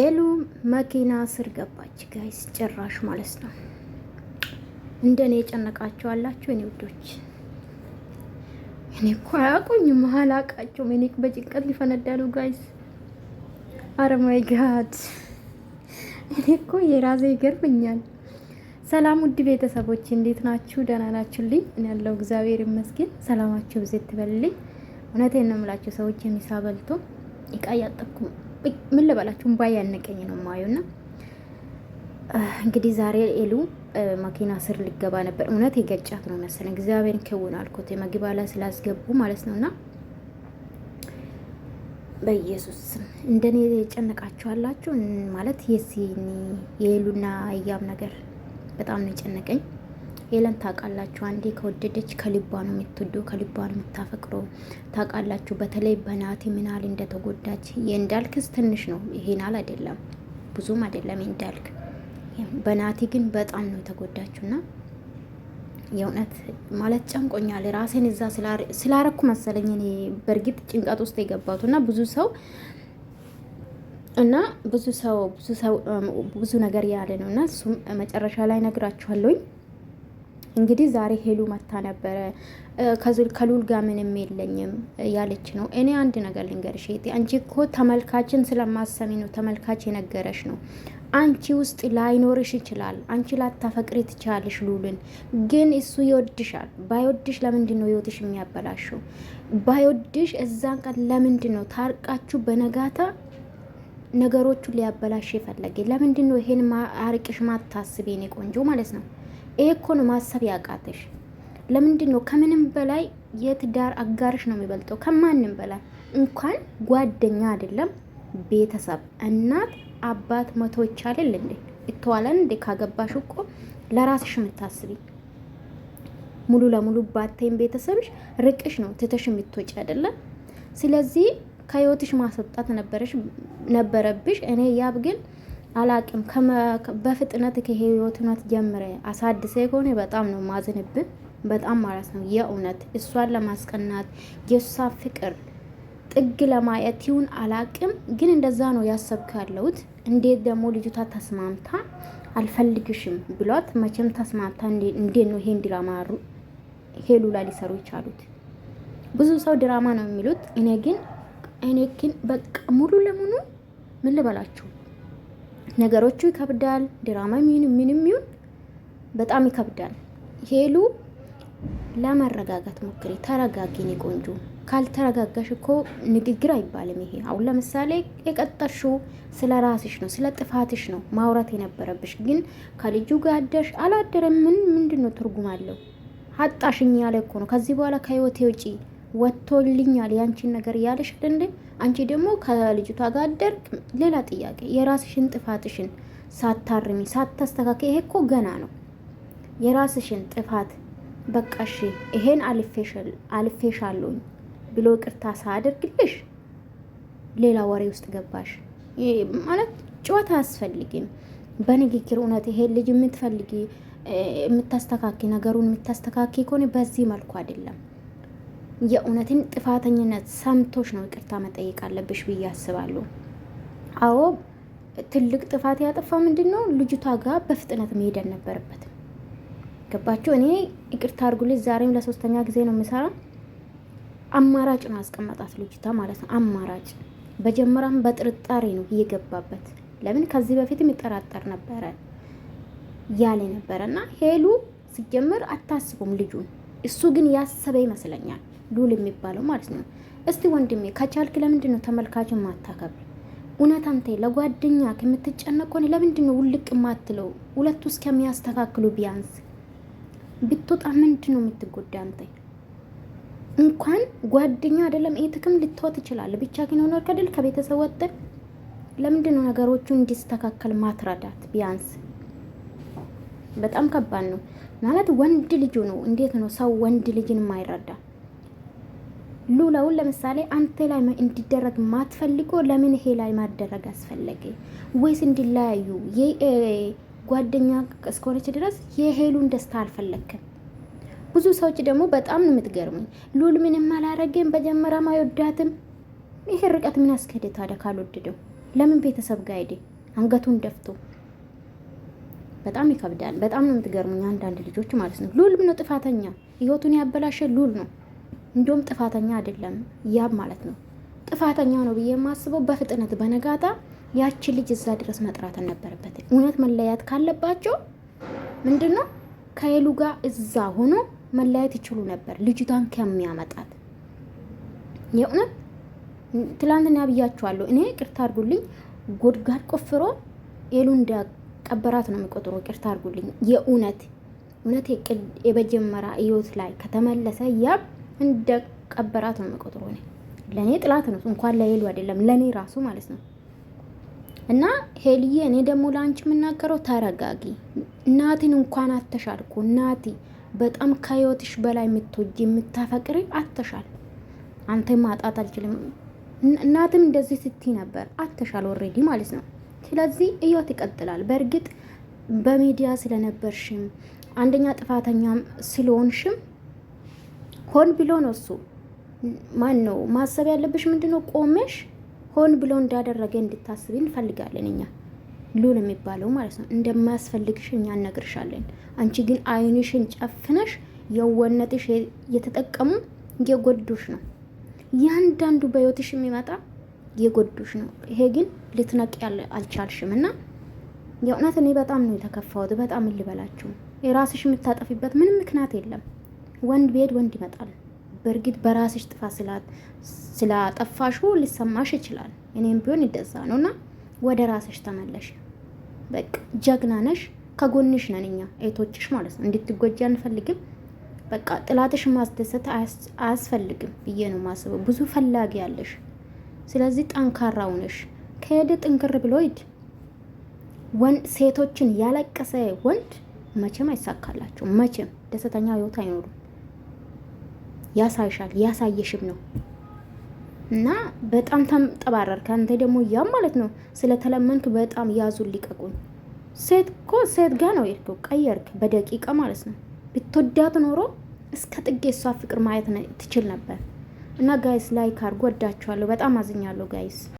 ኤሉ መኪና ስር ገባች ጋይስ፣ ጭራሽ ማለት ነው። እንደኔ የጨነቃቸው አላችሁ? እኔ ውዶች፣ እኔ እኮ አያውቁኝም፣ አላውቃቸውም። እኔ በጭንቀት ሊፈነዳሉ ጋይስ። አረ ማይ ጋድ፣ እኔ እኮ የራሴ ይገርምኛል። ሰላም ውድ ቤተሰቦች፣ እንዴት ናችሁ? ደህና ናችሁልኝ? እኔ ያለው እግዚአብሔር ይመስገን። ሰላማችሁ ብዜት ትበልልኝ። እውነቴን ነው ሰዎች፣ የሚሳ በልቶ ይቃ ምን ልበላችሁ እምባ ያነቀኝ ነው ማዩና እንግዲህ ዛሬ ኤሉ መኪና ስር ሊገባ ነበር። እውነት የገጫት ነው መሰለኝ። እግዚአብሔርን ክውን አልኩት መግባ ላይ ስላስገቡ ማለት ነው። እና በኢየሱስ እንደኔ የጨነቃችኋላችሁ ማለት የሲኒ የኤሉና እያም ነገር በጣም ነው የጨነቀኝ። ሄለን ታውቃላችሁ፣ አንዴ ከወደደች ከልቧ ነው የምትወደው፣ ከልቧ ነው የምታፈቅረው። ታውቃላችሁ፣ በተለይ በናቲ ምናል እንደተጎዳች የእንዳልክስ ትንሽ ነው፣ ይሄን ይሄናል አይደለም፣ ብዙም አይደለም እንዳልክ በናቲ ግን በጣም ነው የተጎዳችሁና የእውነት ማለት ጨንቆኛል። ራሴን እዛ ስላረኩ መሰለኝ እኔ በእርግጥ ጭንቀት ውስጥ የገባቱ እና ብዙ ሰው እና ብዙ ሰው ብዙ ነገር ያለ ነው እና እሱም መጨረሻ ላይ ነግራችኋለሁኝ። እንግዲህ ዛሬ ሄሉ መታ ነበረ። ከሉል ጋ ምንም የለኝም ያለች ነው። እኔ አንድ ነገር ልንገርሽ እህቴ፣ አንቺ እኮ ተመልካችን ስለማሰሚ ነው ተመልካች የነገረሽ ነው። አንቺ ውስጥ ላይኖርሽ ይችላል። አንቺ ላታፈቅሪ ትችላለሽ ሉልን፣ ግን እሱ ይወድሻል። ባይወድሽ ለምንድን ነው ህይወትሽ የሚያበላሸው? ባይወድሽ እዛን ቀን ለምንድን ነው ታርቃችሁ በነጋታ ነገሮቹ ሊያበላሽ የፈለገ? ለምንድን ነው ይሄን አርቅሽ ማታስቤ? ኔ ቆንጆ ማለት ነው ይሄ እኮ ነው ማሰብ ያቃተሽ። ለምንድን ነው ከምንም በላይ የትዳር አጋርሽ ነው የሚበልጠው። ከማንም በላይ እንኳን ጓደኛ አይደለም ቤተሰብ፣ እናት፣ አባት መቶ ይቻላል እንዴ? እተዋለን እንዴ? ካገባሽ እኮ ለራስሽ የምታስቢ ሙሉ ለሙሉ ባቴን ቤተሰብሽ ርቅሽ ነው ትተሽ የምትወጪ አይደለም። ስለዚህ ከህይወትሽ ማስወጣት ነበረሽ ነበረብሽ። እኔ ያብ ግን አላቅም በፍጥነት ከህይወትነት ጀምረ አሳድሰ ከሆነ በጣም ነው ማዝንብን በጣም ማለት ነው የእውነት እሷን ለማስቀናት የእሷ ፍቅር ጥግ ለማየት ይሁን አላቅም፣ ግን እንደዛ ነው ያሰብክ ያለሁት። እንዴት ደግሞ ልጅቷ ተስማምታ አልፈልግሽም ብሏት መቼም ተስማምታ እንዴት ነው ይሄን ድራማ ሄሉ ላይ ሊሰሩ ይቻሉት? ብዙ ሰው ድራማ ነው የሚሉት፣ እኔ ግን እኔ ግን በቃ ሙሉ ለሙሉ ምን ልበላችሁ ነገሮቹ ይከብዳል። ድራማ ምንም ምንም ይሁን በጣም ይከብዳል። ሄሉ ለመረጋጋት ሞክሪ፣ ተረጋጊ ቆንጆ። ካልተረጋጋሽ እኮ ንግግር አይባልም ይሄ። አሁን ለምሳሌ የቀጠርሽው ስለ ራስሽ ነው፣ ስለ ጥፋትሽ ነው ማውራት የነበረብሽ። ግን ከልጁ ጋር አደርሽ አላደረም ምን ምንድን ነው ትርጉም አለው? አጣሽኝ ያለ እኮ ነው። ከዚህ በኋላ ከህይወቴ ውጪ ወጥቶልኛል ያንቺን ነገር ያለሽ እንደ አንቺ ደግሞ ከልጅቷ ጋር አደርግ ሌላ ጥያቄ የራስሽን ጥፋትሽን ሳታርሚ ሳታስተካከይ ይሄ እኮ ገና ነው። የራስሽን ጥፋት በቃ ይሄን ይሄን አልፌሻለሁኝ ብሎ ቅርታ ሳያደርግልሽ ሌላ ወሬ ውስጥ ገባሽ ማለት ጨዋታ አያስፈልግም። በንግግር እውነት ይሄን ልጅ የምትፈልጊ የምታስተካኪ ነገሩን የምታስተካኪ ከሆነ በዚህ መልኩ አይደለም የእውነትን ጥፋተኝነት ሰምቶች ነው ይቅርታ መጠየቅ አለብሽ ብዬ አስባለሁ። አዎ ትልቅ ጥፋት ያጠፋ ምንድን ነው ልጅቷ ጋር በፍጥነት መሄድ አልነበረበትም። ገባችሁ? እኔ ይቅርታ አድርጉልኝ፣ ዛሬም ለሶስተኛ ጊዜ ነው የምሰራ። አማራጭ ነው አስቀመጣት ልጅቷ ማለት ነው፣ አማራጭ በጀመራም በጥርጣሬ ነው እየገባበት። ለምን ከዚህ በፊትም ይጠራጠር ነበረ ያለ ነበረ እና ሄሉ ሲጀምር አታስቡም ልጁን። እሱ ግን ያሰበ ይመስለኛል ሉል የሚባለው ማለት ነው። እስቲ ወንድሜ ከቻልክ ለምንድን ነው ተመልካችን ማታከብር? እውነት አንተ ለጓደኛ ከምትጨነቆን ለምንድን ነው ውልቅ ማትለው? ሁለቱ እስከሚያስተካክሉ ቢያንስ ብትወጣ ምንድን ነው የምትጎዳ አንተ? እንኳን ጓደኛ አይደለም ይህ ጥቅም ልትወጥ ይችላል። ብቻ ግን ሆኖ ከድል ከቤተሰብ ወጥ ለምንድን ነው ነገሮቹ እንዲስተካከል ማትረዳት? ቢያንስ በጣም ከባድ ነው ማለት ወንድ ልጁ ነው። እንዴት ነው ሰው ወንድ ልጅን ማይረዳ? ሉላውን ለምሳሌ አንተ ላይ እንዲደረግ ማትፈልጎ ለምን ይሄ ላይ ማደረግ አስፈለገ? ወይስ እንዲለያዩ ጓደኛ እስከሆነች ድረስ የሄሉን ደስታ አልፈለግክም? ብዙ ሰዎች ደግሞ በጣም ነው የምትገርሙኝ። ሉል ምንም አላረገም፣ በጀመራም አይወዳትም። ይሄ ርቀት ምን አስከሄደ ታዲያ? ካልወደደው ለምን ቤተሰብ ጋር ሄደ አንገቱን ደፍቶ? በጣም ይከብዳል። በጣም ነው የምትገርሙኝ አንዳንድ ልጆች ማለት ነው። ሉል ምነው ጥፋተኛ? ህይወቱን ያበላሸ ሉል ነው። እንዲሁም ጥፋተኛ አይደለም ያብ ማለት ነው። ጥፋተኛ ነው ብዬ የማስበው በፍጥነት በነጋታ ያችን ልጅ እዛ ድረስ መጥራት አልነበረበት። እውነት መለያት ካለባቸው ምንድን ነው ከሄሉ ጋር እዛ ሆኖ መለያየት ይችሉ ነበር፣ ልጅቷን ከሚያመጣት የእውነት ትላንትና ብያችኋለሁ። እኔ ቅርታ አድርጉልኝ፣ ጉድጓድ ቆፍሮ ሄሉ እንደቀበራት ነው የሚቆጥሮ። ቅርታ አድርጉልኝ። የእውነት እውነት የበጀመራ ህይወት ላይ ከተመለሰ ያብ እንደ ቀበራት ነው መቆጥሮ እኔ ለእኔ ጥላት ነው እንኳን ለሄሉ አይደለም ለእኔ ራሱ ማለት ነው። እና ሄልዬ እኔ ደግሞ ለአንቺ የምናገረው ተረጋጊ። እናትን እንኳን አተሻል እኮ ናቲ በጣም ከህይወትሽ በላይ የምትወጂ የምታፈቅሪ አተሻል። አንተ ማጣት አልችልም። እናትም እንደዚህ ስትይ ነበር አተሻል ኦልሬዲ ማለት ነው። ስለዚህ እዮት ይቀጥላል። በእርግጥ በሚዲያ ስለነበርሽም አንደኛ ጥፋተኛም ስለሆንሽም ሆን ብሎ ነው እሱ። ማን ነው ማሰብ ያለብሽ ምንድን ነው? ቆመሽ ሆን ብሎ እንዳደረገ እንድታስብ እንፈልጋለን እኛ ሉል የሚባለው ማለት ነው። እንደማያስፈልግሽ እኛ እነግርሻለን። አንቺ ግን አይንሽን ጨፍነሽ የወነትሽ የተጠቀሙ የጎዱሽ ነው። ያንዳንዱ በህይወትሽ የሚመጣ የጎዱሽ ነው። ይሄ ግን ልትነቅ አልቻልሽም እና የእውነት እኔ በጣም ነው የተከፋሁት። በጣም ልበላችሁ የራስሽ የምታጠፊበት ምንም ምክንያት የለም። ወንድ ቤት ወንድ ይመጣል። በእርግጥ በራስሽ ጥፋት ስላጠፋሹ ሊሰማሽ ይችላል። እኔም ቢሆን ይደዛ ነው እና ወደ ራስሽ ተመለሽ። በቃ ጀግና ነሽ። ከጎንሽ ነን እኛ እህቶችሽ ማለት ነው። እንድትጎጂ አንፈልግም። በቃ ጥላትሽ ማስደሰት አያስፈልግም ብዬ ነው ማስበው። ብዙ ፈላጊ ያለሽ፣ ስለዚህ ጠንካራው ነሽ። ከሄደ ጥንክር ብሎ ሂድ። ሴቶችን ያለቀሰ ወንድ መቼም አይሳካላቸው። መቼም ደስተኛ ህይወት አይኖሩም። ያሳይሻል፣ ያሳየሽም ነው እና በጣም ተንጠባረር። ከአንተ ደግሞ ያም ማለት ነው ስለተለመንክ በጣም ያዙን ሊቀቁኝ። ሴት እኮ ሴት ጋ ነው የሄድከው፣ ቀየርክ በደቂቃ ማለት ነው። ብትወዳት ኖሮ እስከ ጥጌ እሷ ፍቅር ማየት ትችል ነበር። እና ጋይስ ላይክ አድርጉ። ወዳችኋለሁ። በጣም አዝኛለሁ ጋይስ።